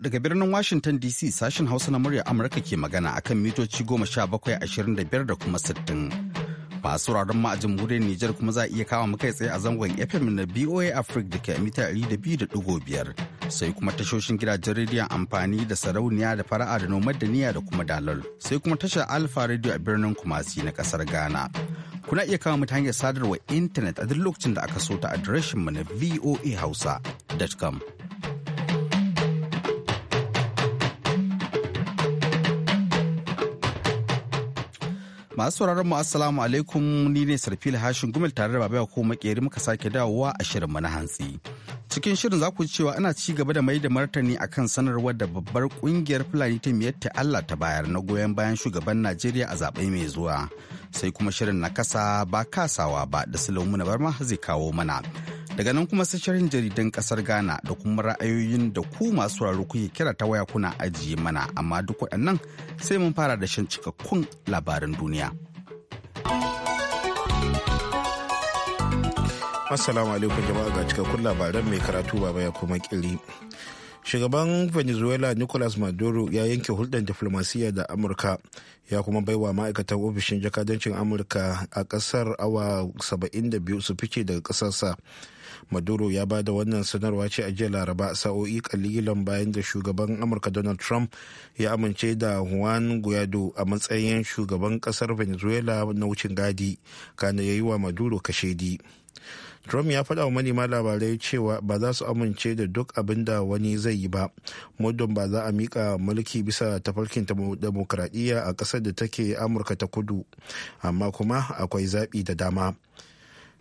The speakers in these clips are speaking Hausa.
daga birnin Washington DC sashen Hausa na murya Amurka ke magana akan mitoci goma sha ashirin da biyar da kuma sittin Masu su ma a jamhuriyar Nijar kuma za a iya kawo kai tsaye a zangon FM na BOA Africa da ke mita 200.5 sai kuma tashoshin gidajen rediyon amfani da sarauniya da fara'a da nomad da niyya da kuma dalal sai kuma tashar Alfa Radio a birnin Kumasi na kasar Ghana. Kuna iya kawo mu hanyar sadarwa intanet a duk lokacin da aka so ta adireshin mu na voahausa.com. Masu sauraron mu assalamu alaikum ni ne Sarfil Hashin Gumel tare da Baba ko makeri muka sake dawowa a shirin na hantsi. Cikin shirin za ku ji cewa ana ci gaba da mai da martani akan sanarwar da babbar kungiyar Fulani ta miyatta Allah ta bayar na goyon bayan shugaban Najeriya a zaɓe mai zuwa. Sai kuma shirin na kasa ba kasawa ba da Sulaimu Barma zai kawo mana. daga nan kuma sashen jaridan kasar ghana da kuma ra'ayoyin da ku masu raro kuke kira ta waya kuna ajiye mana amma duk waɗannan sai mun fara da shan cikakkun labaran duniya assalamu alaikum jama'a ga cikakkun labaran mai karatu baba ya kuma kiri shugaban venezuela nicolas maduro ya yanke hulɗar diflomasiyya da amurka ya kuma baiwa ma'aikatan ofishin jakadancin amurka a ƙasar awa 72 su fice daga ƙasarsa maduro ya ba da wannan sanarwa ce a jiya laraba sa'o'i kalilan bayan da shugaban amurka donald trump ya amince da juan guaido a matsayin shugaban kasar venezuela na wucin gadi kana ya yi wa maduro kashedi trump ya faɗa wa manema labarai cewa ba za su amince da duk abin da wani zai yi ba muddin ba za a miƙa mulki bisa tafarkin demokradiyya a ƙasar da take amurka ta kudu amma kuma akwai zaɓi da dama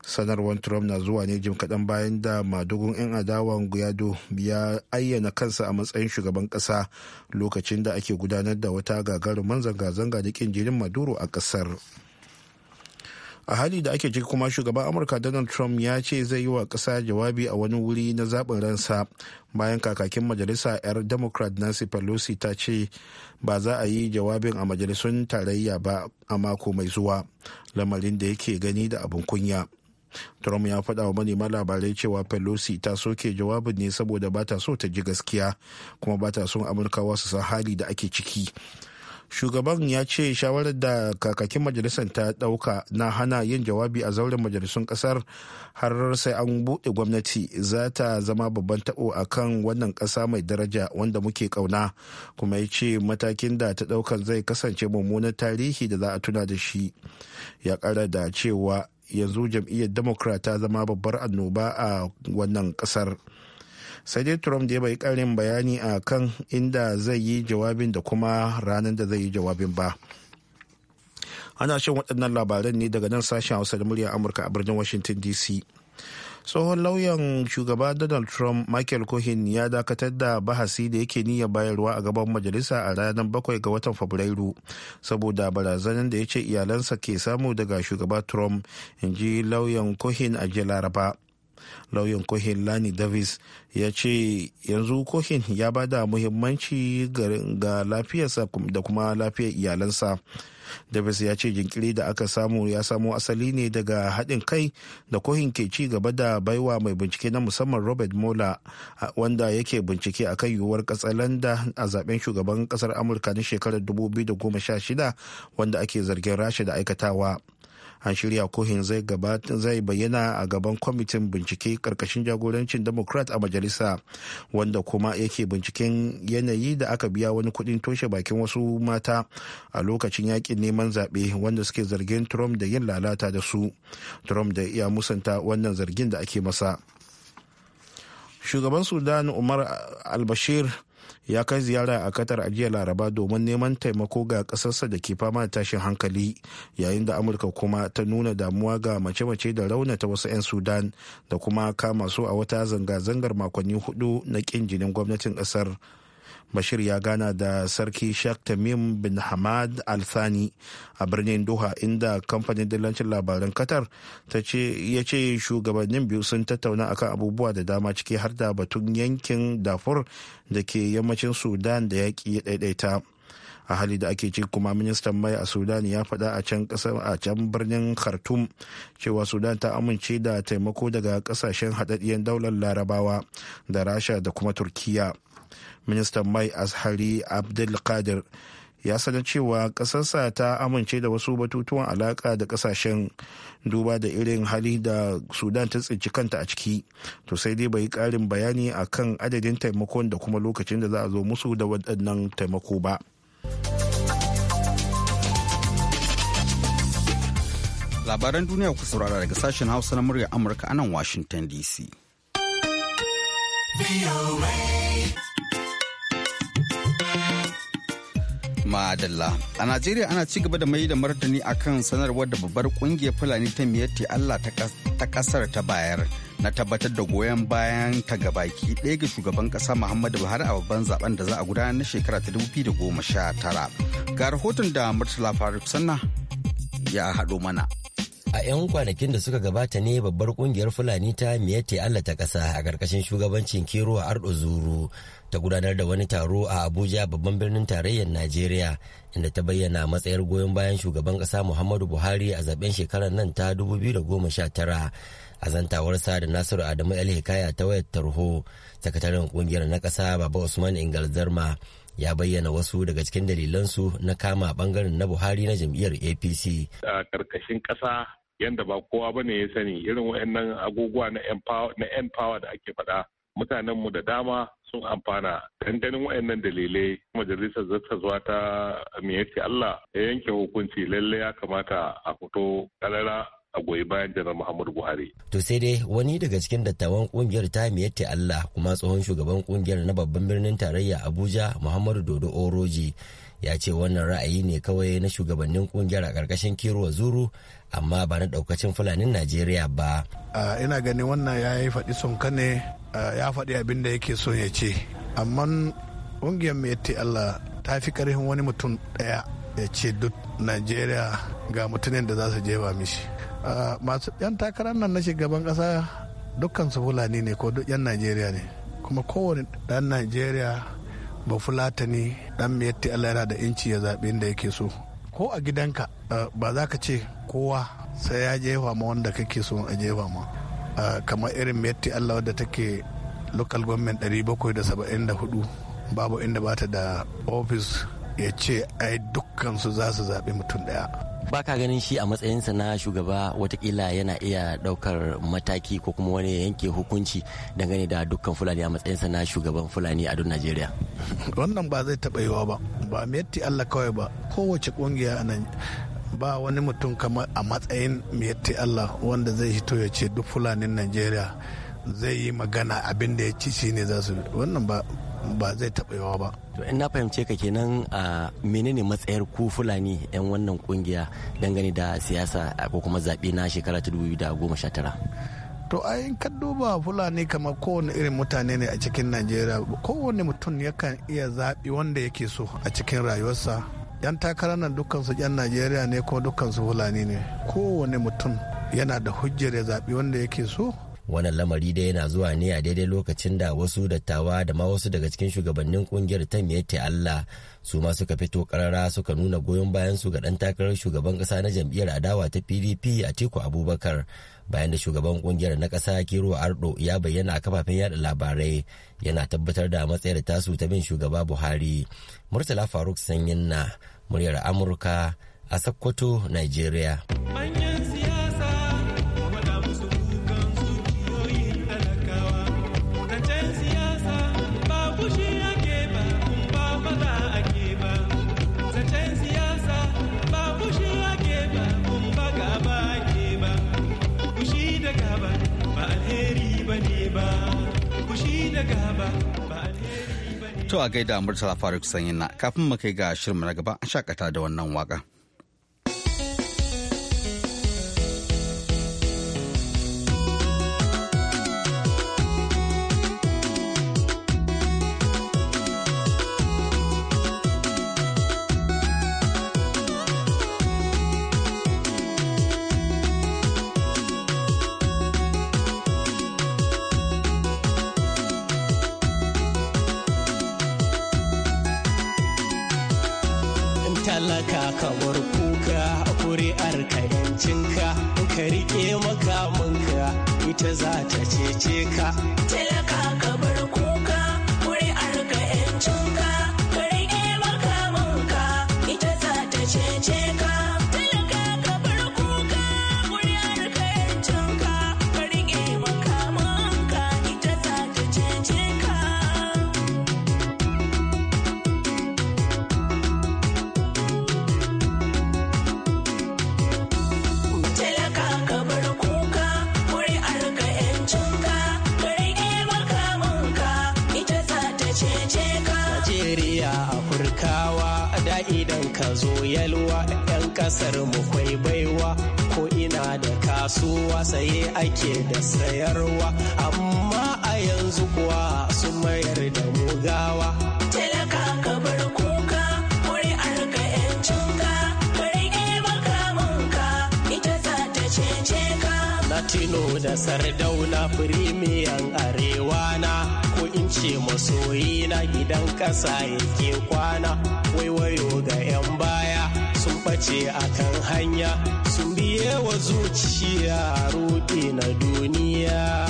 sanarwar trump na zuwa ne jim kaɗan bayan da madugun 'yan adawan guyado ya ayyana kansa a matsayin shugaban ƙasa lokacin da ake gudanar da wata gagarumin zanga-zanga da ƙin jinin maduro a ƙasar a hali da ake ciki kuma shugaban amurka donald trump ya ce zai yi wa ƙasa jawabi a wani wuri na zaɓin ransa bayan kakakin majalisa 'yar democrat nancy pelosi ta ce ba za a yi jawabin a majalisun tarayya ba a mako mai zuwa lamarin da yake gani da abin kunya trump ya faɗa wa manema labarai cewa pelosi ta soke jawabin ne saboda ba ta so ta ji gaskiya kuma ba ta son amurkawa su san hali da ake ciki shugaban ya ce shawarar da kakakin majalisar ta dauka na hana yin jawabi a zauren majalisun kasar har sai an buɗe gwamnati za ta zama babban taɓo a kan wannan ƙasa mai daraja wanda muke ƙauna kuma ya ce matakin da ta daukan zai kasance mummunan tarihi da za a tuna da shi ya ƙara da cewa yanzu jam'iyyar democrat ta zama babbar annoba a wannan kasar sai dai trump da ya bai karin bayani a kan inda zai yi jawabin da kuma ranar da zai yi jawabin ba ana shan waɗannan labaran ne daga nan sashen hausa da murya amurka a birnin washington dc tsohon lauyan shugaba donald trump michael cohen ya dakatar da bahasi da yake niyya bayarwa a gaban majalisa a ranar bakwai ga watan fabrairu saboda barazanar da ya ce iyalansa ke samu daga shugaba trump in ji lauyan cohen a jiya laraba lauyan kohin lani davis ya ce yanzu kohin ya ba da muhimmanci ga lafiyarsa da kuma lafiyar iyalansa davis ya ce jinkiri da aka samu ya samo asali ne daga haɗin kai da kohin ke ci gaba da baiwa mai bincike na musamman robert mola wanda yake bincike a kan yiwuwar katsalanda a zaben shugaban ƙasar amurka na shekarar 2016 wanda ake zargin rasha da aikatawa an shirya kohin zai bayyana a gaban kwamitin bincike karkashin jagorancin democrat a majalisa wanda kuma yake binciken yanayi da aka biya wani kudin toshe bakin wasu mata a lokacin yakin neman zaɓe wanda suke zargin trump da yin lalata da su trump da iya musanta wannan zargin da ake masa shugaban sudan umar albashir ya kai ziyara a Qatar a jiya Laraba domin neman taimako ga ƙasarsa da ke fama da tashin hankali yayin da Amurka kuma ta nuna damuwa ga mace-mace da raunata wasu 'yan Sudan da kuma kama su a wata zanga-zangar makonni hudu na ƙin jinin gwamnatin ƙasar. bashir ya gana da sarki shak tamim bin hamad al thani a birnin doha inda kamfanin dillancin labaran qatar ya ce shugabannin biyu sun tattauna akan abubuwa da dama ciki har da batun yankin dafur da ke yammacin sudan da yaƙi ya ɗaiɗaita a hali da ake ci kuma ministan mai a sudan ya faɗa a can a can birnin khartum cewa sudan ta amince da taimako daga ƙasashen haɗaɗɗiyar daular larabawa da rasha da kuma turkiyya. ministan mai ashari abdulkadir ya sanar cewa ƙasarsa ta amince da wasu batutuwan alaƙa da ƙasashen duba da irin hali da sudan ta tsinci kanta a ciki to sai dai bai ƙarin bayani a kan adadin taimakon da kuma lokacin da za a zo musu da waɗannan taimako ba labaran duniya ku saurara daga sashen hausa na murya amurka anan washington dc Madalla. A Najeriya ana ci gaba da mai da martani akan sanarwar da babbar kungiyar Fulani ta miyatti Allah ta kasar ta bayar na tabbatar da goyon bayan ta gabaki ɗaya ga shugaban ƙasa Muhammadu Buhari a babban zaben da za a gudanar na shekara ta 2019. Ga rahoton da Murtala Faruk Sanna ya haɗo mana. a 'yan kwanakin da suka gabata ne babbar kungiyar fulani ta miyatti allah ta ƙasa a ƙarƙashin shugabancin kero a ardo zuru ta gudanar da wani taro a abuja babban birnin tarayyar najeriya inda ta bayyana matsayar goyon bayan shugaban ƙasa muhammadu buhari a zaben shekarar nan ta 2019 a zantawarsa da nasiru adamu hikaya ta wayar tarho sakataren kungiyar na ƙasa baba usman ingal zarma ya bayyana wasu daga cikin dalilansu na kama bangaren na buhari na jam'iyyar apc a ƙarƙashin ƙasa yanda ba kowa ba ne ya sani irin wayannan agogowa na yan pawa da ake faɗa mu da dama sun amfana ganin wayannan dalilai majalisar zuwa ta me Allah ya yanke hukunci lalle ya kamata a fito kalara a goyi bayan jana Muhammadu Buhari. To sai dai wani daga cikin dattawan kungiyar ta miyatta Allah kuma tsohon shugaban kungiyar na babban birnin tarayya Abuja Muhammadu Dodo Oroji ya ce wannan ra'ayi ne kawai na shugabannin kungiyar a ƙarƙashin kiruwa zuru amma ba na ɗaukacin fulanin najeriya ba ina ganin wannan ya yi faɗi son ne ya faɗi abin da yake son ya ce amma ƙungiyar mai allah ta fi ƙarfin wani mutum ɗaya ya ce duk najeriya ga mutumin da za su jefa mishi masu yan takarar nan na shugaban ƙasa dukkan fulani ne ko duk yan najeriya ne kuma kowane ɗan najeriya ba fulatani dan miyatti Allah yana da inci ya zaɓi inda yake so ko a gidanka ba za ka ce kowa sai ya jefa ma wanda kake so a jefa ma kamar irin miyatti Allah wadda take local government 774 babu inda bata da office ya ce ai dukkan su za su zaɓi mutum ɗaya baka ganin shi a matsayinsa na shugaba watakila yana iya daukar mataki ko kuma wani yanke hukunci dangane da dukkan fulani a matsayinsa na shugaban fulani a duk najeriya wannan ba zai taɓa yiwa ba ba metti allah kawai ba kowace ƙungiya a nan ba wani mutum kamar a matsayin metti allah wanda zai hito ya ce duk fulanin najeriya zai yi magana abin da ya ci shine za su wannan ba ba zai taɓa yawa ba to in na fahimce ka kenan a menene matsayar ku fulani yan wannan kungiya dangane da siyasa ko kuma zaɓe na shekara ta 2019 to ayin ka duba fulani kamar kowane irin mutane ne a cikin najeriya kowane mutum yakan iya zaɓi wanda yake so a cikin rayuwarsa yan takarar nan dukkansu yan najeriya ne kuma dukkansu fulani ne kowane mutum yana da hujjar ya zaɓi wanda yake so wannan lamari da yana zuwa ne a daidai lokacin da wasu dattawa da ma wasu daga cikin shugabannin kungiyar ta miyatta Allah su ma suka fito karara suka nuna goyon bayan su ga dan takarar shugaban kasa na jam'iyyar adawa ta PDP a teku Abubakar bayan da shugaban kungiyar na kasa Kiro Ardo ya bayyana a kafafen yada labarai yana tabbatar da matsayar tasu ta bin shugaba Buhari Murtala Faruk Sanyin na muryar Amurka a Sokoto Nigeria. To a gaida Murtala Faruk Sanyi na kafin mu kai ga shirin na gaba an shakata da wannan waka. ita za ta cece ka zo yalwa 'yan kasar mu kwai baiwa ko ina da kasuwa saye ake da sayarwa amma a yanzu kuwa su mayar da mugawa gawa ka bar kuka wuri arka ita ta latino da sardauna firimiyan arewa na ko in ce masoyi na gidan ƙasa yake kwana waiwayo da 'yan baya sun ɓace a kan hanya sun biye wa zuciya ruɗe na duniya.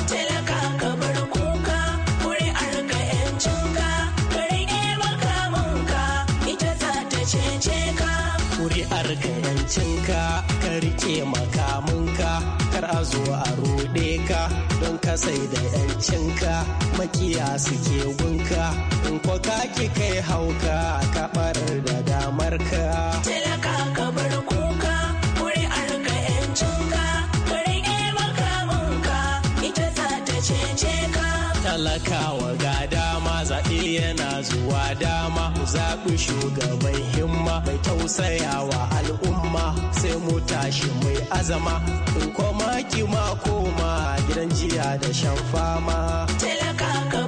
ka sai da yancinka makiya suke gunka in ko ka ki kai hauka ka barar da damar ka talaka ka bar kuka wuri arka yancinka ka rike makamanka ita za ta cece ka talakawa gari yana zuwa dama mu zaɓi shugaban himma mai tausayawa al'umma sai mu tashi mai azama in koma ma koma gidan jiya da shan fama talaka ka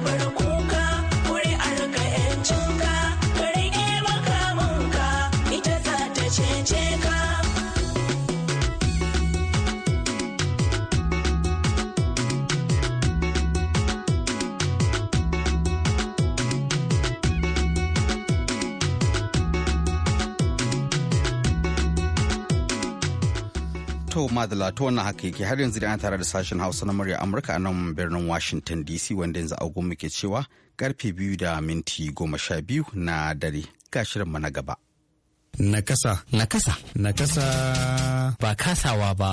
madala to wannan haka yake har yanzu da ana tare da sashen hausa na murya amurka a nan birnin washington dc wanda yanzu mu ke cewa karfe biyu da minti goma sha biyu na dare ga shirinmu na gaba nakasa nakasa nakasa ba kasawa ba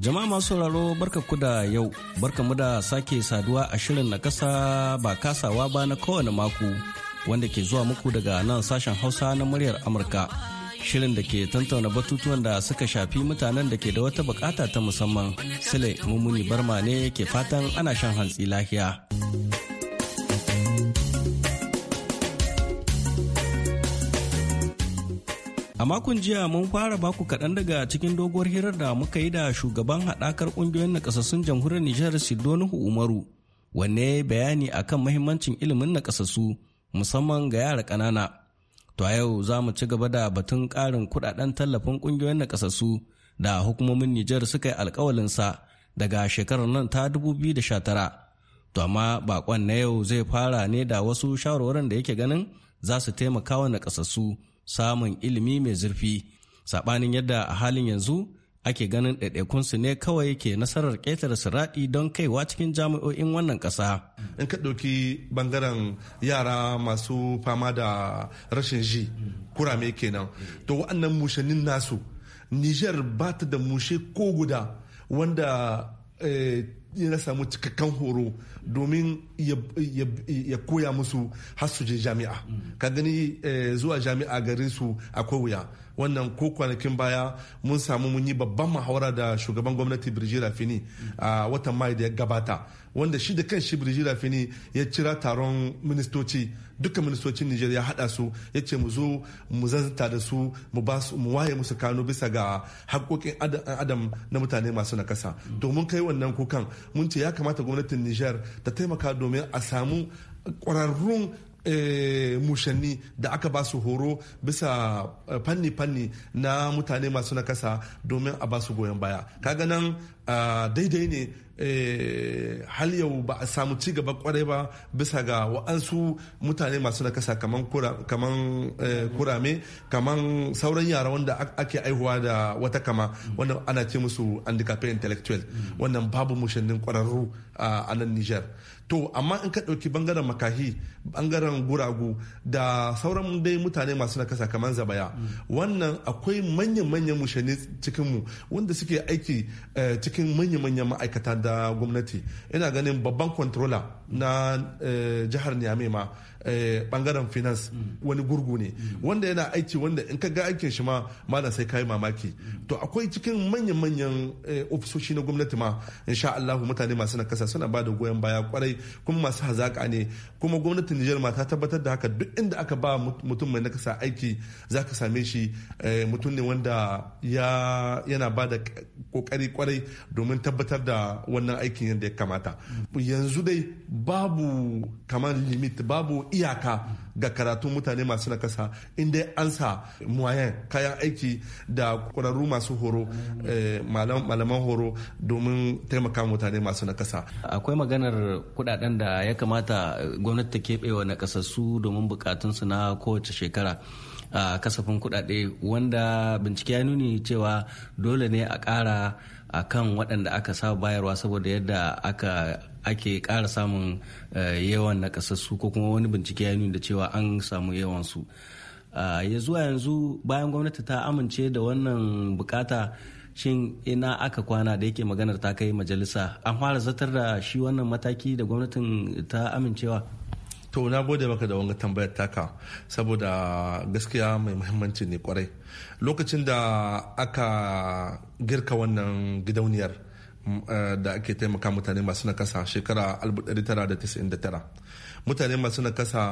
Jama'a masu sauraro barka ku da yau, barka mu da sake saduwa a shirin na kasa ba kasawa ba na kowane mako wanda ke zuwa muku daga nan sashen Hausa na muryar Amurka. Shirin da ke tantauna batutuwan da suka shafi mutanen da ke da wata bukata ta musamman. Sile mummuni barma ne ke fatan ana shan hantsi lahiya. A makon jiya mun fara baku kaɗan daga cikin doguwar hirar da muka yi da shugaban haɗakar ƙungiyoyin nakasassun jamhuriyar Nijar Sidonuhu Umaru, wanne bayani akan mahimmancin ilimin nakasassu musamman ga yara ƙanana. To a yau za mu ci gaba da batun ƙarin kuɗaɗen tallafin ƙungiyoyin nakasassu da hukumomin Nijar suka yi sa daga shekarar nan ta 2019. To amma bakon na yau zai fara ne da wasu shawarwarin da yake ganin za su taimaka wa nakasassu samun ilimi mai zurfi saɓanin yadda a halin yanzu ake ganin ɗaiɗaikunsu ne kawai ke nasarar ƙetare siraɗi don kaiwa cikin jami'o'in wannan ƙasa. in ka ɗauki bangaren yara masu fama da rashin ji kurame kenan to wa'annan mushanin nasu nijar ba ta da mushe ko guda wanda Eh, ya samu cikakken horo domin ya koya musu har su je jami'a mm. ka gani eh, zuwa jami'a garin su akwai wuya wannan ko kwanakin baya mun samu mun yi babban muhawara da shugaban gwamnati birji fini a watan mai da ya gabata wanda shi da kan shi birji fini ya cira taron ministoci duka ministocin nijar ya hada su ya ce mu zo mu zanta da su mu waye musu kano bisa ga haƙoƙin adam na mutane masu nakasa domin kai wannan kukan mun ce ya kamata gwamnatin nijar ta taimaka domin a samu kwararrun Eh, mushanni da aka ba su horo bisa fanni-fanni eh, na mutane masu nakasa domin a ba su goyon baya kaga nan ah, daidai ne Eh, har yau ba a samu ci gaba kwarai ba bisa ga wa'ansu mutane masu na kasa kaman eh, kurame kaman sauran yara wanda ake aihuwa da wata kama wanda ana ce musu handicap intellectual wannan babu mushannin kwararru a nan niger to amma in ka ɗauki bangaren makahi bangaren guragu da sauran dai mutane masu na kasa kamar zabaya wannan akwai manyan-manyan mushannin cikinmu wanda suke aiki eh, cikin manya-manyan ma'aikata da gwamnati ina ganin babban controller na eh, jihar niamey ma Eh, bangaren finance wani gurgu ne wanda yana aiki wanda in ka ga aikin shi ma malam sai kayi mamaki to akwai cikin manyan-manyan eh, ofisoshi na gwamnati ma insha Allah mutane masu kasa suna bada goyon baya kwarai kuma masu hazaka ne kuma gwamnatin Nijar ma ta tabbatar da haka duk inda aka ba mutum mai nakasa aiki za ka same shi eh, mutum ne wanda ya yana ba kokari kwarai domin tabbatar da wannan aikin yadda ya kamata yanzu dai babu kamar limit babu iyaka ga karatun mutane masu nakasa inda an sa muwayen kayan aiki da ƙwararru masu horo eh, malaman horo domin taimaka mutane masu nakasa akwai maganar kudaden da ya kamata gwamnati ta keɓewa nakasassu domin bukatunsu na kowace shekara a ah, kasafin kudade wanda bincike ya nuni cewa dole ne a kara. a kan waɗanda aka sa bayarwa saboda yadda aka ake ƙara samun eh, yawan nakasassu ko kuma wani bincike ya nuna cewa an samu yawan su ya zuwa yanzu bayan gwamnati ta amince da wannan bukata shin ina aka kwana da yake maganar ta kai majalisa an fara zartar da shi wannan mataki da gwamnatin ta amincewa to na gode maka da wanga tambayar taka saboda gaskiya mai muhimmanci ne kwarai lokacin da aka girka wannan gidauniyar mm, eh, da ake taimaka mutane masu nakasa shekara 1999 mutane masu nakasa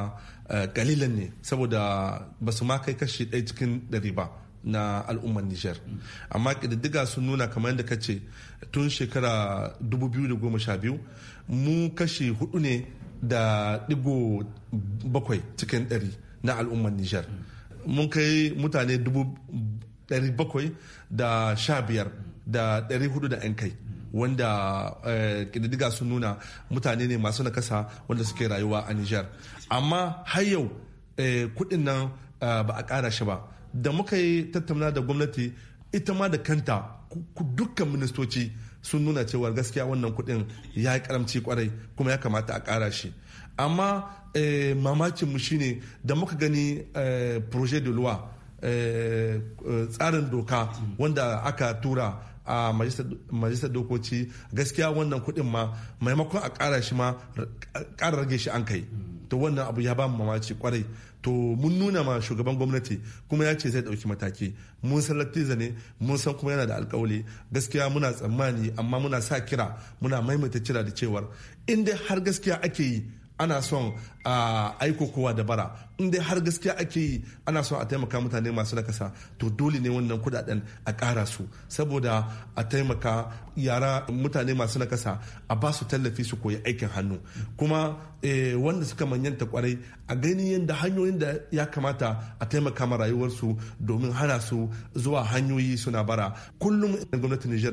eh, kalilan ne saboda ba su ma kai kashi ɗaya cikin ɗari ba na al'ummar niger amma ƙididdiga sun nuna kamar yadda ka ce tun shekara 2012 mu kashi hudu ne da digo bakwai cikin ɗari na al'ummar Nijar. Mun kai mutane dubu ɗari bakwai da sha biyar da ɗari hudu da 'yan kai. wanda eh, ƙididdiga sun nuna mutane ne masu nakasa wanda suke rayuwa a Nijar. Amma har yau eh, kuɗin nan eh, ba a ƙara shi ba. Da muka yi tattauna da gwamnati ita ma da kanta dukkan ministoci sun nuna cewar gaskiya wannan kuɗin ya yi karamci kwarai kuma ya kamata a ƙara shi amma eh, mamakin mu shine da muka gani eh, projet de loi eh, tsarin doka wanda aka tura a majalisar dokoci gaskiya wannan kuɗin ma maimakon a ƙara shi ma ƙara rage shi an kai to wannan abu ya ba mu mamaci kwarai to mun nuna ma shugaban gwamnati kuma ya ce zai dauki mataki mun san lattiza ne mun san kuma yana da alkawali gaskiya muna tsammani amma muna sa kira muna maimaita cira da cewar inda har gaskiya ake yi ana son a aiko kowa da bara in dai har gaskiya ake yi ana so a taimaka mutane masu nakasa to dole ne wannan kudaden a kara su saboda a taimaka yara mutane masu nakasa a ba su tallafi su koyi aikin hannu kuma eh, wanda suka manyanta kwarai a gani yadda hanyoyin da ya kamata a taimaka ma rayuwarsu domin hana su zuwa hanyoyi suna bara kullum gwamnatin Nijar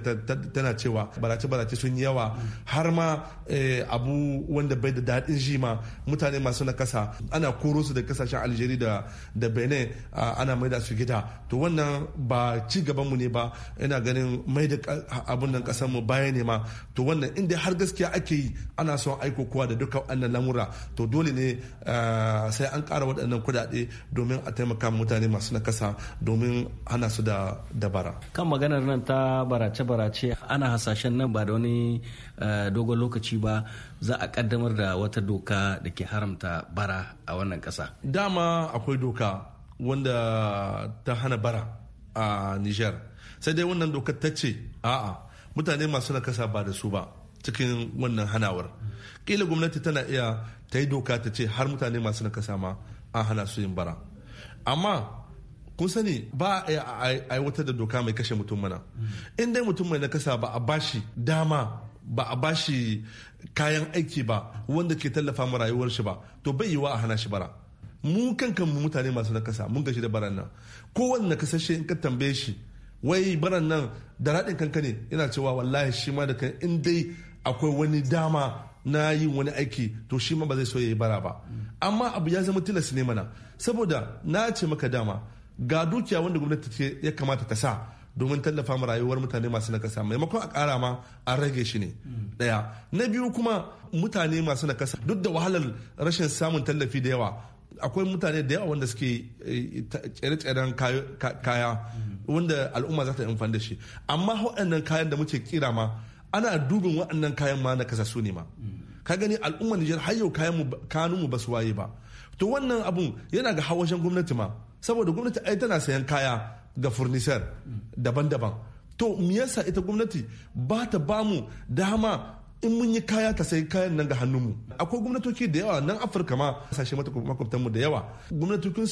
tana cewa barace-barace sun yawa har ma eh, abu wanda bai da daɗin jima mutane masu nakasa ana koro su da kasashen aljeri da da benin ana maida su gida to wannan ba ci gaban mu ne ba ina ganin maida abun nan kasar mu baya ne ma to wannan inda har gaskiya ake yi ana son aiko kowa da dukkan wannan lamura to dole ne sai an kara waɗannan kuɗaɗe domin a taimaka mutane masu nakasa domin ana su da dabara kan maganar nan ta barace-barace ana hasashen nan ba da wani dogon lokaci ba za a kaddamar da wata doka da ke haramta bara a wannan ƙasa dama akwai doka wanda ta hana bara a niger sai dai wannan dokar ta ce a'a mutane masu nakasa ba da su ba cikin wannan hanawar kila gwamnati tana iya ta yi doka ta ce har mutane masu nakasa ma an hana su yin bara amma kun sani ba a aiwatar da doka mai kashe mutum mana in dai mutum mai nakasa ba a bashi dama ba a bashi kayan aiki ba wanda ke tallafa rayuwar shi ba to bai yiwa a hana shi bara mu kankan mu mutane masu nakasa mun gashi da baran nan kowanne nakasashe in ka tambaye shi wai baran nan da raɗin kanka ne yana cewa wallahi shi ma da kan in dai akwai wani dama na yin wani aiki to shi ma ba zai so ya yi bara ba amma abu ya zama tilas ne mana saboda na ce maka dama ga dukiya wanda gwamnati ce ya kamata ta sa domin tallafa ma rayuwar mutane masu nakasa maimakon a kara ma a rage shi ne daya na biyu kuma mutane masu nakasa duk da wahalar rashin samun tallafi da yawa akwai mutane da yawa wanda suke eh, tsere-tseren kaya wanda al'umma za ta amfani da shi amma waɗannan kayan da muke kira ma ana dubin waɗannan kayan ma na kasasu ne ma ka gani al'umma Nijar har yau kayan mu ba su waye ba to wannan abun yana ga hawashin gwamnati ma saboda gwamnati ai tana sayan kaya ga furnisher daban-daban to me yasa ita gwamnati ba ta bamu dama in mun yi kaya ta sai kayan nan ga hannunmu akwai gwamnatoci da yawa nan afirka ma kasashe makwabtanmu da yawa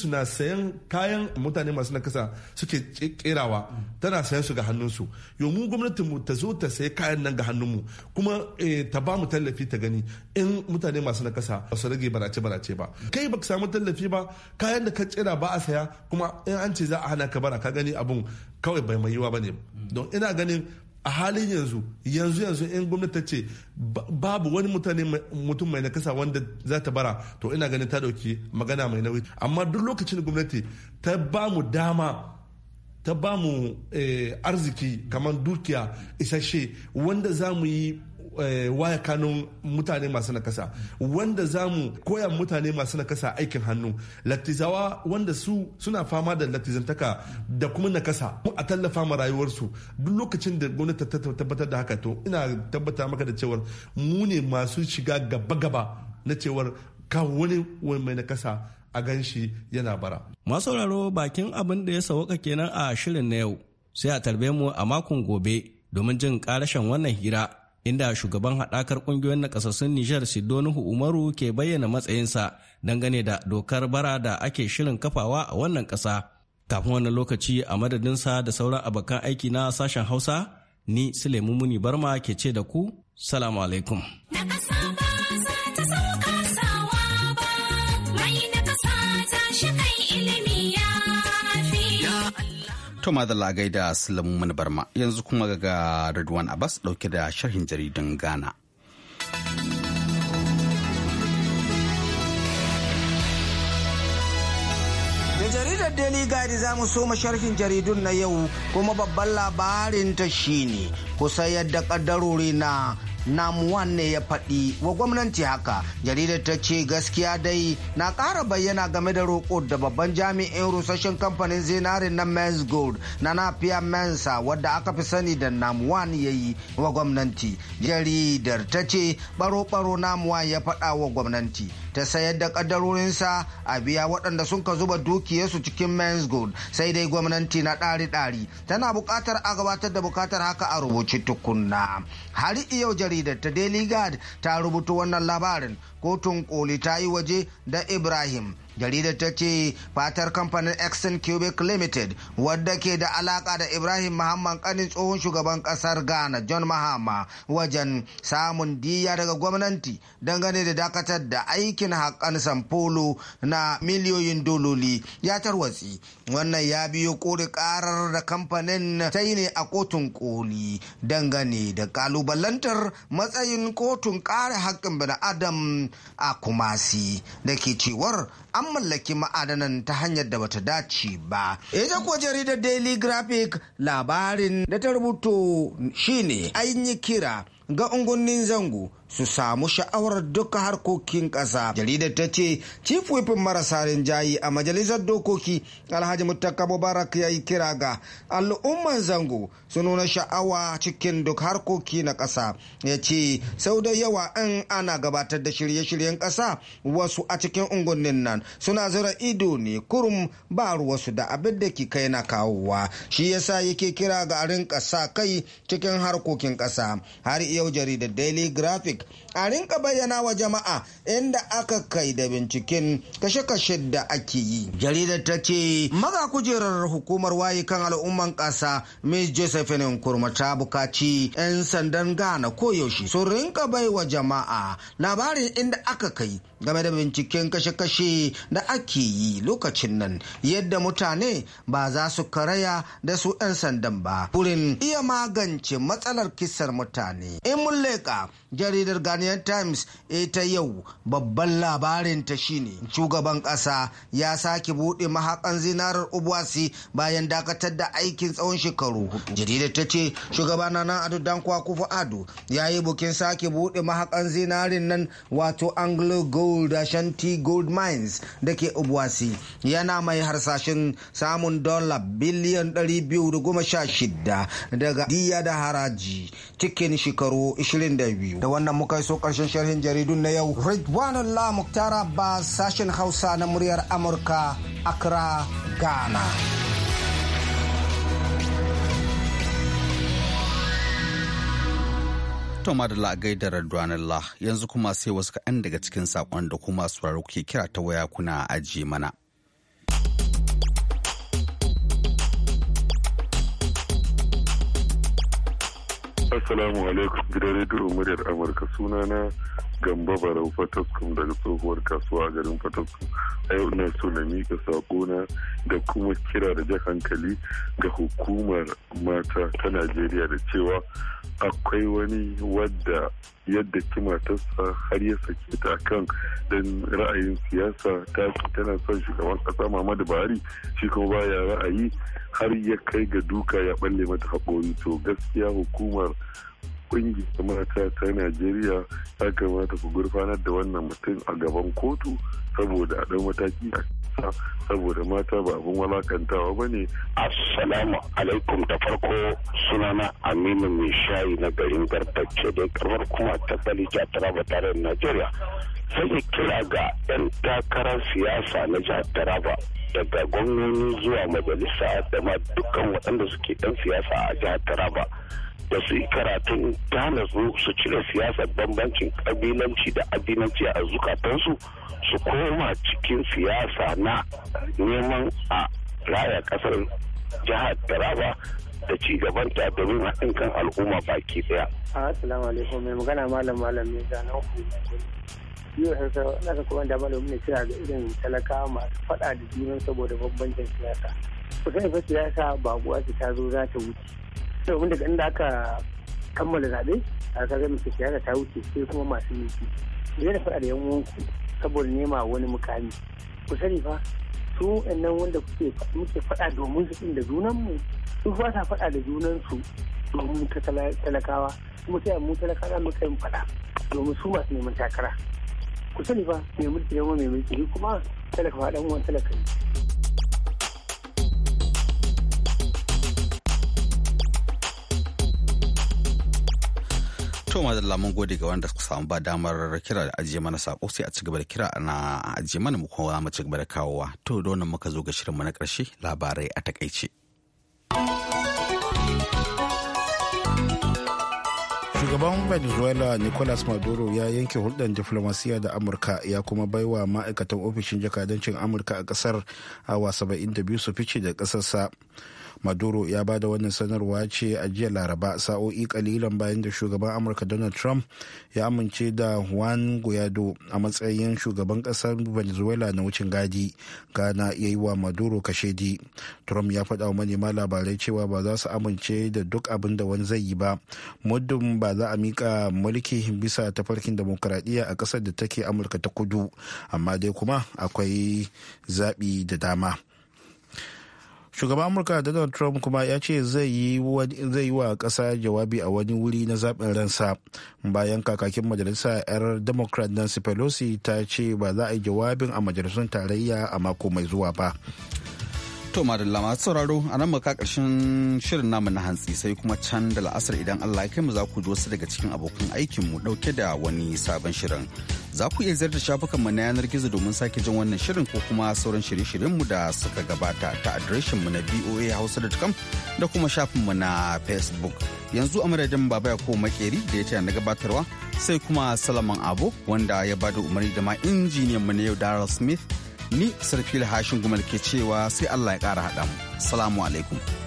su na sayan kayan mutane masu nakasa suke kerawa tana sayan su ga hannunsu gwamnatin mu ta zo ta sayi kayan nan ga hannunmu kuma eh, ta ba mu tallafi ta gani in mutane masu nakasa ba su rage barace barace ba kai baka samu tallafi ba kayan da ka kera ba a saya kuma in an ce za a hana ka bara ka gani abun kawai bai mai yiwa ne don ina ganin a halin yanzu yanzu yanzu in gwamnati ta ce babu wani mutane mutum mai nakasa wanda za ta bara to ina ganin ta dauki magana mai nauyi amma duk lokacin gwamnati ta ba mu dama ta ba mu eh, arziki kamar dukiya isasshe wanda za mu yi Eh, waya kanun mutane masu nakasa wanda za mu koya mutane masu nakasa aikin hannu latizawa wanda su suna fama da latizantaka da kuma nakasa a tallafa ma rayuwarsu duk lokacin da gwamnati ta tabbatar da haka to ina tabbata maka da cewar mu ne masu shiga gaba-gaba na cewar kawo wani mai nakasa a gan shi yana bara. Masu sauraro bakin abin da ya sauka kenan a shirin na yau sai a tarbe mu a makon gobe domin jin karashen wannan hira inda shugaban haɗakar ƙungiyoyin nakasassun Nijar Sidonuhu Umaru ke bayyana matsayinsa dangane da dokar bara da ake shirin kafawa a wannan ƙasa. Kafin wannan lokaci a madadinsa da sauran abokan aiki na sashen Hausa, ni Sulaimu Muni Barma ke ce da ku, Salamu alaikum. To madalla gaida mani Barma yanzu kuma ga Ridwan Abbas dauke da sharhin jaridan Ghana. Da jaridar Daily Guide za mu soma sharhin jaridun na yau kuma babban labarinta shine kusa yadda kaddarori na namuwan ne ya faɗi wa gwamnati haka jaridar ta ce gaskiya dai na ƙara bayyana game da roƙo da babban jami'in rusashen kamfanin zinarin na men's gold na nafiya mensa wadda aka fi sani da namuwan ya yi wa gwamnati jaridar ta ce baro-baro namuwan ya faɗa wa gwamnati ta sayar da kadarorinsa a biya waɗanda sun ka zuba dukiyarsu cikin men's gold sai dai gwamnati na ɗari-ɗari tana buƙatar a gabatar da buƙatar haka a rubuci tukunna har yau jaridar ta daily guard ta rubuta wannan labarin kotun koli ta yi waje da ibrahim jaridar ta ce fatar kamfanin exxon cubic limited wadda ke da alaka da ibrahim muhammad kanin tsohon shugaban kasar ghana john mahama wajen samun diya daga gwamnati dangane da dakatar da aikin haƙan samfolo na miliyoyin dololi ya tarwatsi wannan ya biyo kori karar da kamfanin ta yi ne a kotun koli dangane da kalubalantar matsayin kotun kare haƙƙin Adam a kumasi da ke cewar an mallaki ma'adanan ta hanyar da bata dace ba ita kuwa jaridar daily graphic labarin da ta rubuto shine an yi kira ga ungunnin zango su samu sha'awar duka harkokin ƙasa. Jaridar ta ce chief Whip marasa rinjayi a majalisar dokoki Alhaji Mutaka Mubarak ya yi kira ga al'umman zango su nuna sha'awa cikin duk harkoki na ƙasa. Ya ce sau da yawa in ana gabatar da shirye-shiryen ƙasa wasu a cikin unguwannin nan suna zura ido ne kurum ba ruwasu da abin da ke kai na kawowa. Shi yasa yake kira ga a rinƙa sa kai cikin harkokin ƙasa. Har yau jaridar Daily Graphic a rinka bayyana wa jama'a inda aka kai da binciken kashe-kashe da ake yi jaridar ta ce maga kujerar hukumar waye kan al'umman ƙasa miss josephine kurma ta bukaci 'yan sandan ghana koyaushe sun rinka bai wa jama'a labarin inda aka kai game da binciken kashe-kashe da ake yi lokacin nan yadda mutane ba za su karaya da su 'yan sandan ba Wurin iya magance matsalar kisar mutane in mun leƙa jaridar jaridar Ghanaian Times eh, ta yau babban labarinta shine shugaban ƙasa ya sake buɗe mahakan zinarar Obuasi bayan dakatar da aikin tsawon shekaru. Jaridar ta ce shugaba Nana Ado Dankwa Kufu Ado ya yi bukin sake buɗe mahakan zinarin nan wato Anglo Gold Ashanti Gold Mines da ke yana mai harsashin samun dola biliyan 216 daga diya da haraji cikin shekaru 22 da wannan muka so karshen sharhin jaridun na yau La Muktara ba sashen hausa na muryar amurka accra ghana Tom madalla a gaida Radwanullah yanzu kuma sai wasu kaɗan daga cikin saƙon da kuma sauraro kuke kira ta waya kuna ajiye mana. Assalamu alaikum gidan rediyo muryar Amurka sunana Gamba Barau Fataskum daga tsohuwar kasuwa a garin Fataskum. A yau na so na mika sakona da kuma kira da jan hankali ga hukumar mata ta Najeriya da cewa akwai wani wadda yadda ki har ya sake ta kan dan ra'ayin siyasa ta tana son shugaban kasa Muhammadu Buhari shi kuma baya ra'ayi har ya kai ga duka ya balle mata haƙori to gaskiya hukumar kungiyar mata ta Najeriya ya kamata ku gurfanar da wannan mutum a gaban kotu saboda a ɗau mataki a saboda mata ba abin walakantawa ba ne. Assalamu alaikum da farko sunana Aminu mai shayi na garin Garbace da kamar kuma ta tara Taraba tare da Najeriya. Sai kira ga 'yan takarar siyasa na jihar Taraba daga gwamnoni zuwa majalisa da ma dukkan waɗanda suke ɗan siyasa a jihar Taraba. da su yi karatun gane su su cire siyasar bambancin kabilanci da addinanci a zukatansu su koma cikin siyasa na neman a raya kasar jihar taraba da ci ta domin haɗin kan al'umma baki ɗaya. Assalamu alaikum mai magana malam malam mai zanen ku. Yau sai sai na ga kuma da malam ne kira ga irin talakawa masu faɗa da jinin saboda bambancin siyasa. Kusan fa siyasa ba ce ta zo za ta wuce. domin daga inda aka kammala zaɓe a kaga mace shahara ta wuce sai kuma masu miki zai da faɗa da yan wanku saboda nema wani mukami ku sani fa su nan wanda kuke muke faɗa domin su da mu su fa ta faɗa da junan su domin ta talakawa kuma sai mu talakawa mu kai faɗa domin su masu neman takara ku sani fa mai mulki yawan mai mulki kuma talaka faɗan wani talaka To da mun gode ga wanda suka samu ba damar kira da ajiye mana sako sai a ci gaba da kira na ajiye mana mu kuma mu ci gaba da kawowa. To da wannan muka zo ga shirin shirinmu na karshe labarai a takaice. shugaban venezuela nicolas maduro ya yanke hulɗar diflomasiyya da amurka ya kuma baiwa ma'aikatan ofishin jakadancin amurka a ƙasar awa 72 su fice da ƙasarsa maduro ya ba da wannan sanarwa ce a jiya laraba sa'o'i kalilan bayan da shugaban amurka donald trump ya amince da juan guaido a matsayin shugaban kasar venezuela na wucin gadi gana ya yi wa maduro kashedi trump ya faɗa wa manema labarai cewa ba za su amince da duk abin da wani zai yi ba muddin ba za a miƙa mulki bisa tafarkin demokuraɗiyya a ƙasar da take amurka ta kudu amma dai kuma akwai zaɓi da dama shugaban amurka donald trump kuma ya ce zai yi wa kasa jawabi a wani wuri na zaɓin ransa bayan kakakin majalisa 'yar democrat nancy pelosi ta ce ba za a yi jawabin a majalisun tarayya a mako mai zuwa ba To madalla masu sauraro a nan maka karshen shirin namu na hantsi sai kuma can da la'asar idan Allah ya kai mu za ku ji wasu daga cikin abokan aikin mu dauke da wani sabon shirin. Za ku iya ziyarta shafukan mu na yanar gizo domin sake jin wannan shirin ko kuma sauran shirye-shiryen mu da suka gabata ta adireshin mu na voahausa.com da kuma shafin mu na Facebook. Yanzu a madadin Baba ko Makeri da ya tana na gabatarwa sai kuma Salaman Abo wanda ya bada umarni da ma injiniyan mu na yau Daryl Smith ni sarfila hashin gumal ke cewa sai allah ya ƙara haɗa mu salamu alaikum